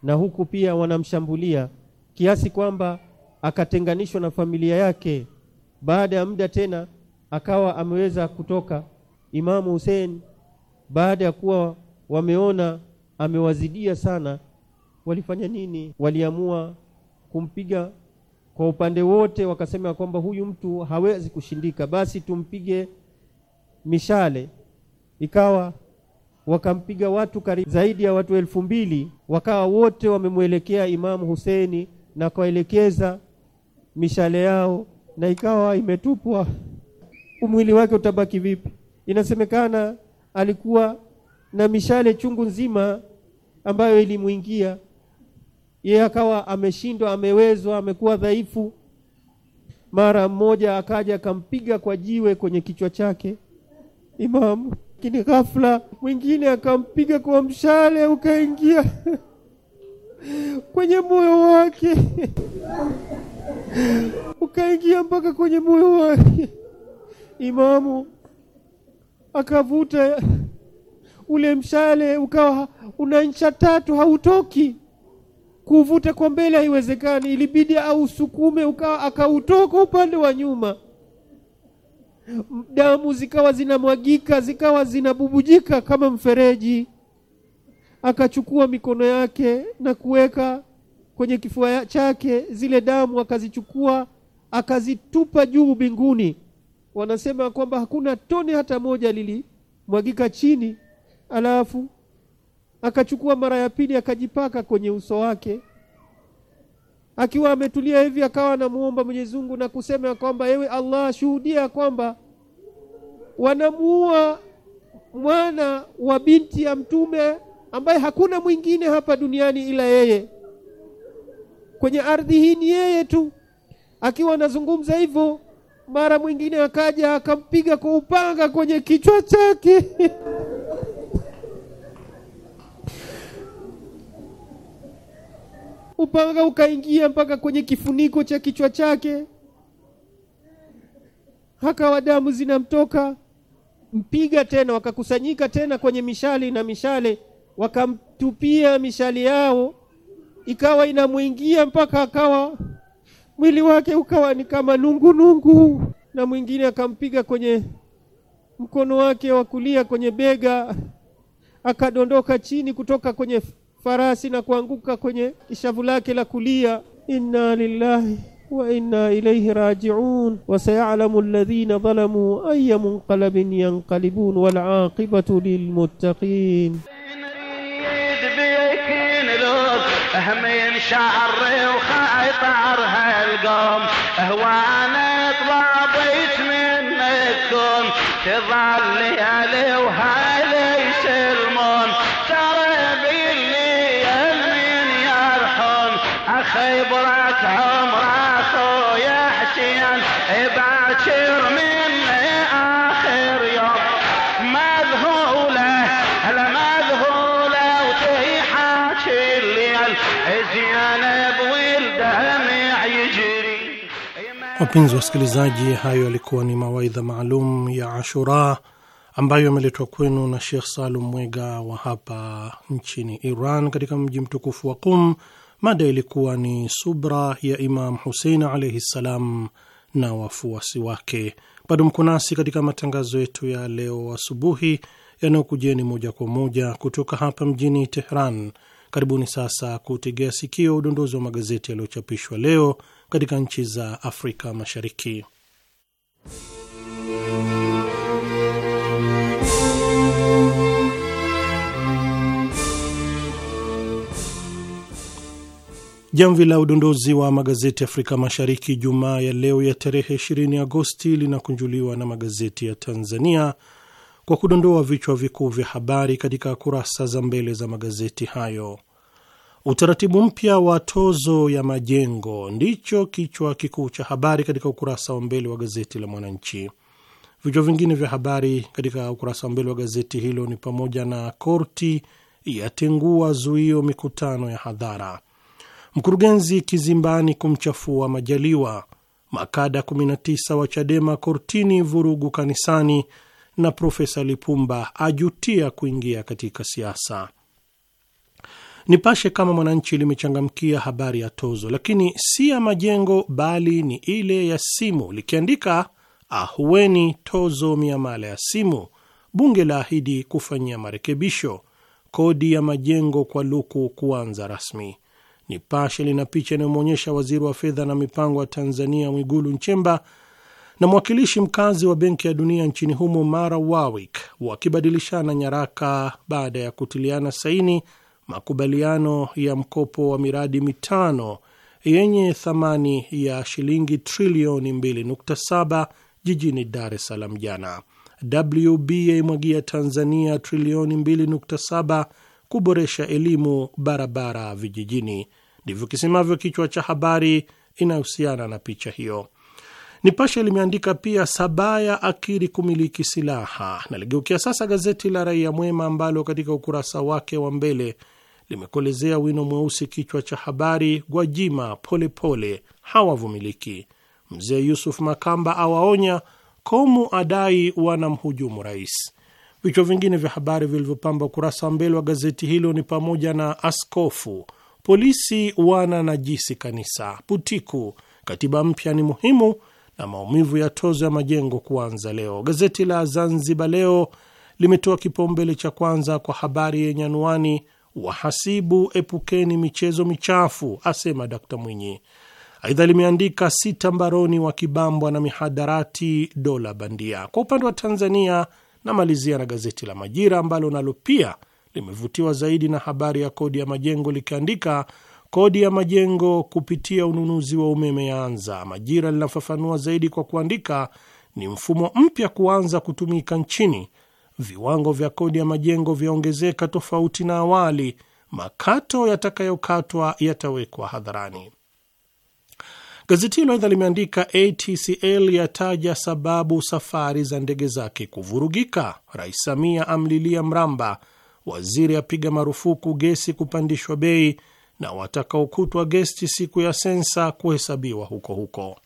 na huku pia wanamshambulia kiasi kwamba akatenganishwa na familia yake baada ya muda tena akawa ameweza kutoka imamu Hussein baada ya kuwa wameona amewazidia sana walifanya nini waliamua kumpiga kwa upande wote wakasema ya kwamba huyu mtu hawezi kushindika, basi tumpige mishale. Ikawa wakampiga watu karibu zaidi ya watu elfu mbili wakawa wote wamemwelekea Imamu Huseini na kuelekeza mishale yao, na ikawa imetupwa. Umwili wake utabaki vipi? Inasemekana alikuwa na mishale chungu nzima ambayo ilimwingia yeye akawa ameshindwa, amewezwa, amekuwa dhaifu. Mara mmoja akaja akampiga kwa jiwe kwenye kichwa chake imamu, lakini ghafla mwingine akampiga kwa mshale ukaingia kwenye moyo wake ukaingia mpaka kwenye moyo wake. Imamu akavuta ule mshale ukawa una ncha tatu hautoki kuvuta kwa mbele haiwezekani, ilibidi au usukume ukawa akautoka upande wa nyuma. Damu zikawa zinamwagika, zikawa zinabubujika kama mfereji. Akachukua mikono yake na kuweka kwenye kifua chake, zile damu akazichukua akazitupa juu mbinguni. Wanasema kwamba hakuna tone hata moja lilimwagika chini, alafu akachukua mara ya pili akajipaka kwenye uso wake akiwa ametulia hivi akawa anamuomba Mwenyezi Mungu na kusema ya kwamba ewe Allah shuhudia kwamba wanamuua mwana wa binti ya mtume ambaye hakuna mwingine hapa duniani ila yeye kwenye ardhi hii ni yeye tu akiwa anazungumza hivyo mara mwingine akaja akampiga kwa upanga kwenye kichwa chake upanga ukaingia mpaka kwenye kifuniko cha kichwa chake, akawa damu zinamtoka. Mpiga tena, wakakusanyika tena kwenye mishali na mishale, wakamtupia mishali yao, ikawa inamwingia mpaka akawa mwili wake ukawa ni kama nungunungu nungu. Na mwingine akampiga kwenye mkono wake wa kulia kwenye bega, akadondoka chini kutoka kwenye farasi na kuanguka kwenye ishavu lake la kulia inna lillahi وإنا إليه راجعون وسيعلم الذين ظلموا أي منقلب ينقلبون والعاقبة للمتقين همين شعري وخاي طعرها القوم أهوانا طلع بيت منكم تظل ليالي وهاي خيبرك عمره خويا حسين اخر يوم مذهوله مذهوله وتهي الليل Wapenzi wasikilizaji, hayo yalikuwa ni mawaidha maalum ya Ashura ambayo yameletwa kwenu na Shekh Salum Mwega wa hapa nchini Iran katika mji mtukufu wa Qum Mada ilikuwa ni subra ya Imam Husein alaihi ssalam na wafuasi wake. Bado mko nasi katika matangazo yetu ya leo asubuhi yanayokujeni moja kwa moja kutoka hapa mjini Tehran. Karibuni sasa kutegea sikio udondozi wa magazeti yaliyochapishwa leo katika nchi za Afrika Mashariki. Jamvi la udondozi wa magazeti Afrika Mashariki Jumaa ya leo ya tarehe 20 Agosti linakunjuliwa na magazeti ya Tanzania kwa kudondoa vichwa vikuu vya habari katika kurasa za mbele za magazeti hayo. Utaratibu mpya wa tozo ya majengo ndicho kichwa kikuu cha habari katika ukurasa wa mbele wa gazeti la Mwananchi. Vichwa vingine vya habari katika ukurasa wa mbele wa gazeti hilo ni pamoja na korti yatengua zuio mikutano ya hadhara mkurugenzi kizimbani kumchafua Majaliwa, makada 19 wa Chadema kortini vurugu kanisani, na Profesa Lipumba ajutia kuingia katika siasa. Nipashe kama Mwananchi limechangamkia habari ya tozo, lakini si ya majengo, bali ni ile ya simu, likiandika ahueni tozo miamala ya simu, bunge la ahidi kufanyia marekebisho, kodi ya majengo kwa luku kuanza rasmi. Nipashe lina picha inayomwonyesha waziri wa fedha na mipango wa Tanzania Mwigulu Nchemba na mwakilishi mkazi wa Benki ya Dunia nchini humo Mara Warwick wakibadilishana nyaraka baada ya kutiliana saini makubaliano ya mkopo wa miradi mitano yenye thamani ya shilingi trilioni 2.7 jijini Dar es Salaam jana. WBA mwagia Tanzania trilioni 2.7 kuboresha elimu barabara vijijini, ndivyo kisemavyo kichwa cha habari inayohusiana na picha hiyo. Nipashe limeandika pia, Sabaya akiri kumiliki silaha. Naligeukia sasa gazeti la Raia Mwema ambalo katika ukurasa wake wa mbele limekolezea wino mweusi kichwa cha habari, Gwajima polepole hawavumiliki, mzee Yusuf Makamba awaonya, Komu adai wanamhujumu rais. Vichwa vingine vya habari vilivyopamba ukurasa wa mbele wa gazeti hilo ni pamoja na askofu, polisi wana najisi kanisa, Putiku, katiba mpya ni muhimu, na maumivu ya tozo ya majengo kuanza leo. Gazeti la Zanzibar Leo limetoa kipaumbele cha kwanza kwa habari yenye anwani wahasibu, epukeni michezo michafu, asema Dkt Mwinyi. Aidha limeandika sita mbaroni wakibambwa na mihadarati dola bandia. Kwa upande wa Tanzania Namalizia na gazeti la Majira ambalo nalo pia limevutiwa zaidi na habari ya kodi ya majengo likiandika kodi ya majengo kupitia ununuzi wa umeme yaanza. Majira linafafanua zaidi kwa kuandika ni mfumo mpya kuanza kutumika nchini, viwango vya kodi ya majengo vyaongezeka tofauti na awali, makato yatakayokatwa yatawekwa hadharani. Gazeti hilo aidha limeandika ATCL yataja sababu safari za ndege zake kuvurugika, Rais Samia amlilia mramba, waziri apiga marufuku gesi kupandishwa bei, na watakaokutwa gesti siku ya sensa kuhesabiwa huko huko.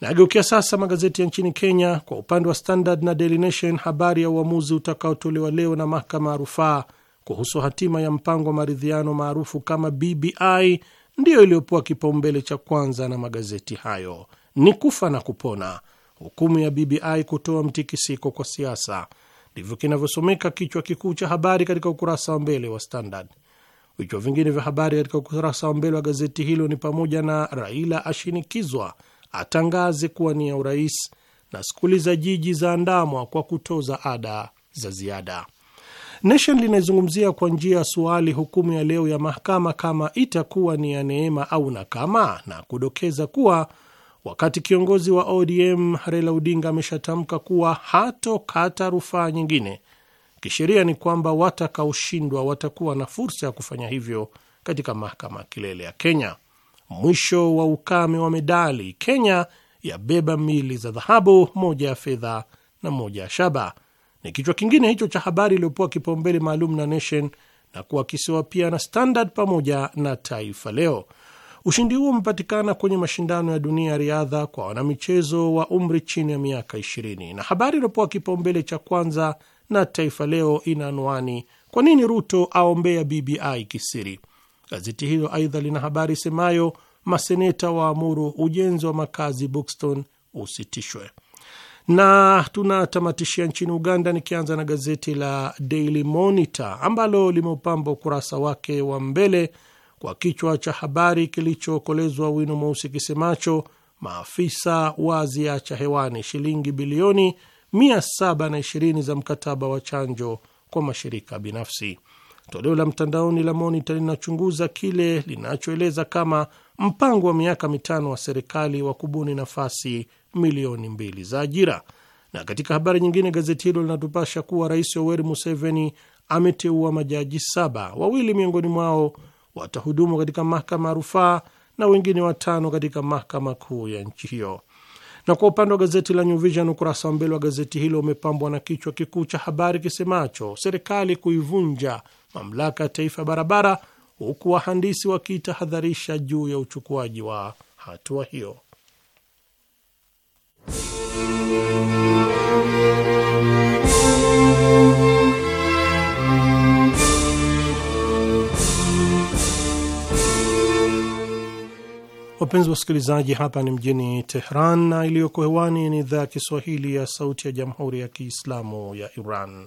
Nageukia sasa magazeti ya nchini Kenya. Kwa upande wa Standard na Daily Nation, habari ya uamuzi utakaotolewa leo na mahakama ya rufaa kuhusu hatima ya mpango wa maridhiano maarufu kama BBI ndiyo iliyopewa kipaumbele cha kwanza na magazeti hayo. Ni kufa na kupona, hukumu ya BBI kutoa mtikisiko kwa siasa, ndivyo kinavyosomeka kichwa kikuu cha habari katika ukurasa wa mbele wa Standard. Vichwa vingine vya habari katika ukurasa wa mbele wa gazeti hilo ni pamoja na Raila ashinikizwa atangaze kuwania urais na skuli za jiji za andamwa kwa kutoza ada za ziada. Nation linaizungumzia kwa njia ya suali hukumu ya leo ya mahakama kama itakuwa ni ya neema au nakama, na kudokeza kuwa wakati kiongozi wa ODM Raila Odinga ameshatamka kuwa hatokata rufaa nyingine, kisheria ni kwamba watakaoshindwa watakuwa na fursa ya kufanya hivyo katika mahakama kilele ya Kenya. Mwisho wa ukame wa medali, Kenya yabeba mili za dhahabu, moja ya fedha na moja ya shaba ni kichwa kingine hicho cha habari iliyopewa kipaumbele maalum na Nation na kuakisiwa pia na Standard pamoja na Taifa Leo. Ushindi huo umepatikana kwenye mashindano ya dunia ya riadha kwa wanamichezo wa umri chini ya miaka 20, na habari iliyopewa kipaumbele cha kwanza na Taifa Leo ina anwani kwa nini Ruto aombea BBI kisiri. Gazeti hilo aidha lina habari semayo maseneta waamuru ujenzi wa makazi Buxton usitishwe na tunatamatishia nchini Uganda, nikianza na gazeti la Daily Monitor ambalo limeupamba ukurasa wake wa mbele kwa kichwa cha habari kilichookolezwa wino mweusi kisemacho maafisa waziacha hewani shilingi bilioni 720 za mkataba wa chanjo kwa mashirika binafsi. Toleo la mtandaoni la Monita linachunguza kile linachoeleza kama mpango wa miaka mitano wa serikali wa kubuni nafasi milioni mbili za ajira. Na katika habari nyingine, gazeti hilo linatupasha kuwa Rais Yoweri Museveni ameteua majaji saba, wawili miongoni mwao watahudumu katika mahakama ya rufaa na wengine watano katika mahakama kuu ya nchi hiyo. Na kwa upande wa gazeti la New Vision, ukurasa wa mbele wa gazeti hilo umepambwa na kichwa kikuu cha habari kisemacho serikali kuivunja mamlaka ya taifa ya barabara, huku wahandisi wakitahadharisha juu ya uchukuaji wa hatua hiyo. Wapenzi wasikilizaji, hapa ni mjini Tehran na iliyoko hewani ni idhaa ya Kiswahili ya Sauti ya Jamhuri ya Kiislamu ya Iran.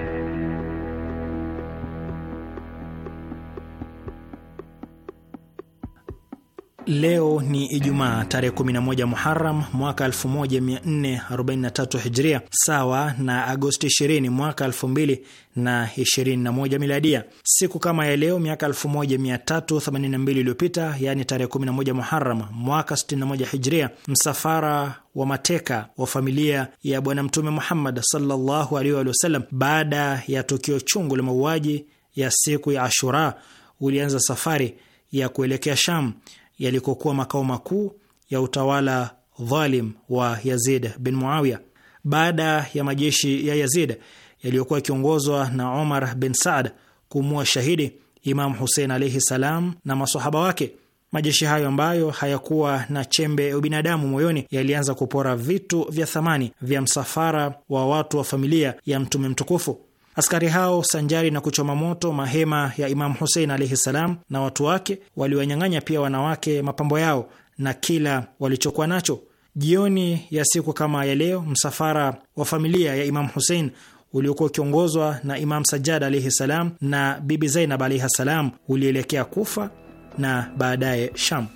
Leo ni Ijumaa tarehe 11 muharam mwaka 1443 Hijria, sawa na Agosti 20 mwaka 2021 Miladia. Siku kama ya leo miaka 1382 iliyopita, yaani tarehe 11 muharam mwaka 61 Hijria, msafara wa mateka wa familia ya Bwana Mtume Muhammad sallallahu alaihi wa sallam, baada ya tukio chungu la mauaji ya siku ya Ashura, ulianza safari ya kuelekea Sham yalikokuwa makao makuu ya utawala dhalim wa Yazid bin Muawiya. Baada ya majeshi ya Yazid yaliyokuwa yakiongozwa na Omar bin Saad kumua shahidi Imamu Husein alaihi salam na masahaba wake, majeshi hayo ambayo hayakuwa na chembe ya ubinadamu moyoni yalianza kupora vitu vya thamani vya msafara wa watu wa familia ya Mtume mtukufu. Askari hao sanjari na kuchoma moto mahema ya Imamu Husein alaihi ssalam na watu wake, waliwanyang'anya pia wanawake mapambo yao na kila walichokuwa nacho. Jioni ya siku kama ya leo, msafara wa familia ya Imamu Husein uliokuwa ukiongozwa na Imam Sajjad alaihi salam na Bibi Zainab alaihi ssalam ulielekea Kufa na baadaye Sham.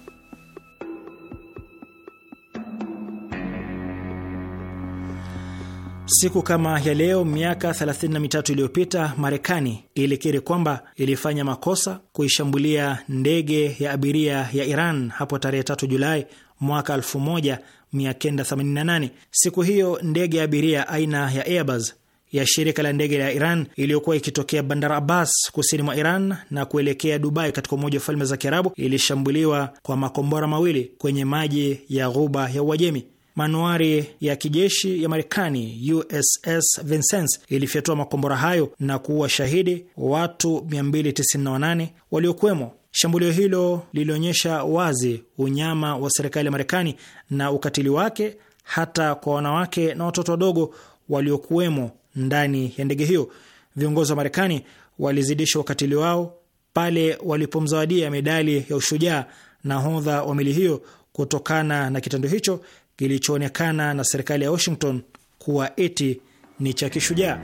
Siku kama ya leo miaka 33 iliyopita Marekani ilikiri kwamba ilifanya makosa kuishambulia ndege ya abiria ya Iran hapo tarehe 3 Julai mwaka 1988. Siku hiyo ndege ya abiria aina ya Airbus ya shirika la ndege la Iran iliyokuwa ikitokea Bandar Abbas kusini mwa Iran na kuelekea Dubai katika Umoja wa Falme za Kiarabu ilishambuliwa kwa makombora mawili kwenye maji ya Ghuba ya Uajemi manuari ya kijeshi ya Marekani USS Vincennes ilifyatua makombora hayo na kuua shahidi watu 298 waliokuwemo. Shambulio hilo lilionyesha wazi unyama wa serikali ya Marekani na ukatili wake hata kwa wanawake na watoto wadogo waliokuwemo ndani ya ndege hiyo. Viongozi wa Marekani walizidisha ukatili wao pale walipomzawadia medali ya ushujaa nahodha wa meli hiyo kutokana na kitendo hicho kilichoonekana na serikali ya Washington kuwa eti ni cha kishujaa.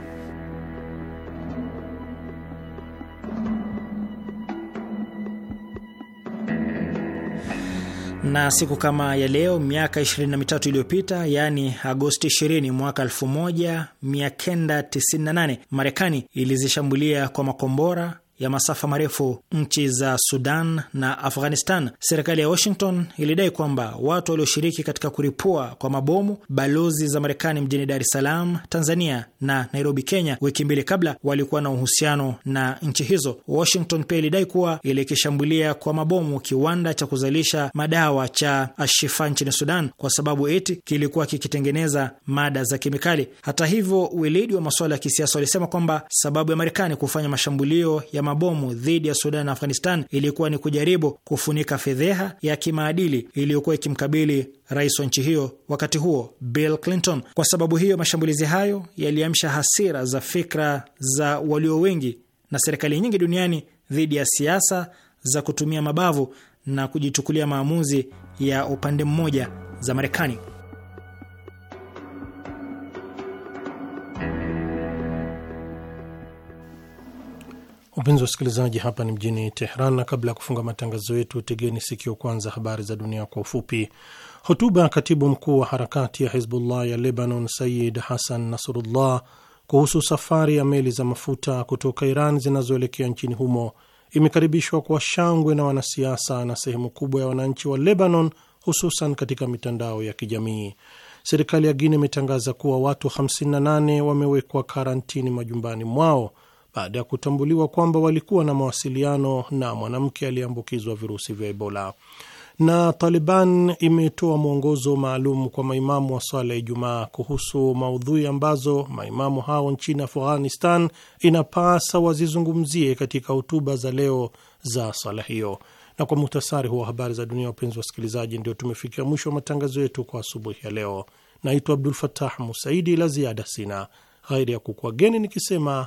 Na siku kama ya leo miaka 23 iliyopita, yaani Agosti 20 mwaka 1998, Marekani ilizishambulia kwa makombora ya masafa marefu nchi za Sudan na Afghanistan. Serikali ya Washington ilidai kwamba watu walioshiriki katika kuripua kwa mabomu balozi za Marekani mjini Dar es Salaam, Tanzania na Nairobi, Kenya, wiki mbili kabla walikuwa na uhusiano na nchi hizo. Washington pia ilidai kuwa ilikishambulia kwa mabomu kiwanda cha kuzalisha madawa cha Ashifa nchini Sudan kwa sababu eti kilikuwa kikitengeneza mada za kemikali. Hata hivyo, weledi wa masuala ya kisiasa walisema kwamba sababu ya Marekani kufanya mashambulio ya mabomu dhidi ya Sudan na Afghanistan ilikuwa ni kujaribu kufunika fedheha ya kimaadili iliyokuwa ikimkabili rais wa nchi hiyo wakati huo Bill Clinton. Kwa sababu hiyo, mashambulizi hayo yaliamsha hasira za fikra za walio wengi na serikali nyingi duniani dhidi ya siasa za kutumia mabavu na kujichukulia maamuzi ya upande mmoja za Marekani. Wapenzi wasikilizaji, hapa ni mjini Tehran, na kabla ya kufunga matangazo yetu, tegeni sikio kwanza habari za dunia kwa ufupi. Hotuba ya katibu mkuu wa harakati ya Hizbullah ya Lebanon Sayid Hassan Nasrullah kuhusu safari ya meli za mafuta kutoka Iran zinazoelekea nchini humo imekaribishwa kwa shangwe na wanasiasa na sehemu kubwa ya wananchi wa Lebanon, hususan katika mitandao ya kijamii. Serikali ya Guinea imetangaza kuwa watu 58 wamewekwa karantini majumbani mwao baada ya kutambuliwa kwamba walikuwa na mawasiliano na mwanamke aliyeambukizwa virusi vya Ebola. Na Taliban imetoa mwongozo maalum kwa maimamu wa swala ya Ijumaa kuhusu maudhui ambazo maimamu hao nchini Afghanistan inapasa wazizungumzie katika hotuba za leo za swala hiyo. Na kwa muhtasari huwa habari za dunia, wapenzi wasikilizaji, ndio tumefikia mwisho wa matangazo yetu kwa asubuhi ya leo. Naitwa Abdul Fatah Musaidi. La ziada sina ghairi ya kukwageni nikisema